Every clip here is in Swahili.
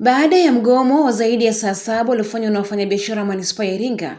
Baada ya mgomo wa zaidi ya saa saba uliofanywa na wafanyabiashara wa manispaa ya Iringa,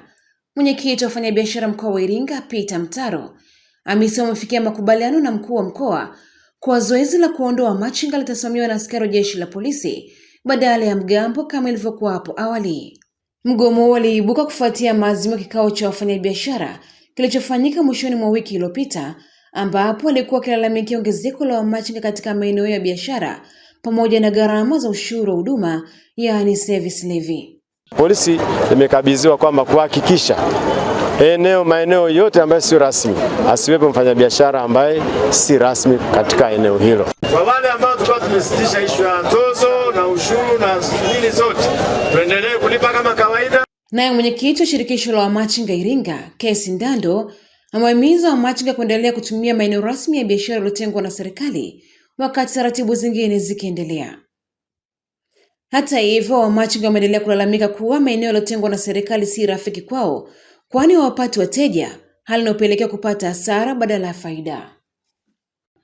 mwenyekiti wa wafanyabiashara mkoa wa Iringa Peter Mtaro amesema wamefikia makubaliano na mkuu wa mkoa kuwa zoezi la kuondoa machinga litasimamiwa na askari wa jeshi la polisi badala ya mgambo kama ilivyokuwa hapo awali. Mgomo huo uliibuka kufuatia maazimio ya kikao cha wafanyabiashara kilichofanyika mwishoni mwa wiki iliyopita, ambapo walikuwa wakilalamikia ongezeko la wamachinga katika maeneo ya biashara pamoja na gharama za ushuru wa huduma yani service levy. Polisi imekabidhiwa kwamba kuhakikisha eneo maeneo yote ambayo sio rasmi asiwepo mfanyabiashara ambaye si rasmi katika eneo hilo. Kwa wale ambao tulikuwa tumesitisha ishu ya tozo na ushuru na nini zote, tuendelee kulipa kama kawaida. Naye mwenyekiti wa shirikisho la wamachinga Iringa, Kesi Ndando, amewahimiza wamachinga kuendelea kutumia maeneo rasmi ya biashara yaliyotengwa na serikali wakati taratibu zingine zikiendelea. Hata hivyo, wamachinga wameendelea kulalamika kuwa maeneo yaliyotengwa na serikali si rafiki kwao, kwani hawapati wateja, hali inayopelekea kupata hasara badala ya faida.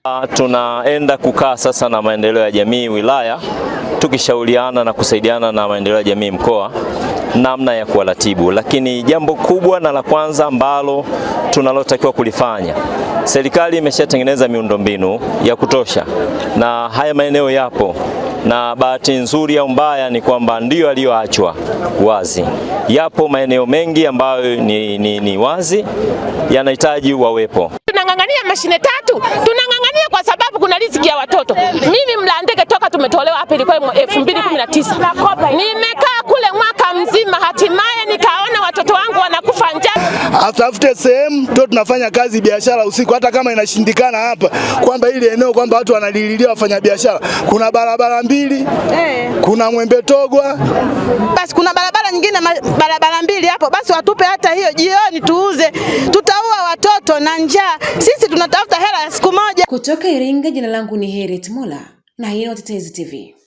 Ah, tunaenda kukaa sasa na maendeleo ya jamii wilaya, tukishauriana na kusaidiana na maendeleo ya jamii mkoa namna ya kuwaratibu. Lakini jambo kubwa na la kwanza ambalo tunalotakiwa kulifanya, serikali imeshatengeneza miundombinu ya kutosha na haya maeneo yapo na bahati nzuri au mbaya ni kwamba ndiyo yaliyoachwa wazi. Yapo maeneo mengi ambayo ni, ni, ni wazi yanahitaji wawepo. Tunang'ang'ania mashine tatu, tunang'ang'ania kwa sababu kuna riziki ya watoto. Mimi Mlandege toka tumetolewa hapa ilikuwa 2019 nime atafute sehemu ndio tunafanya kazi biashara usiku, hata kama inashindikana hapa, kwamba ili eneo kwamba watu wanalililia wafanya biashara Kuna barabara mbili eh, Kuna Mwembe Togwa, basi kuna barabara nyingine, barabara mbili hapo, basi watupe hata hiyo, jioni tuuze, tutaua watoto na njaa. Sisi tunatafuta hela ya siku moja. Kutoka Iringa, jina langu ni Harriet Mola na hii ni Watetezi TV.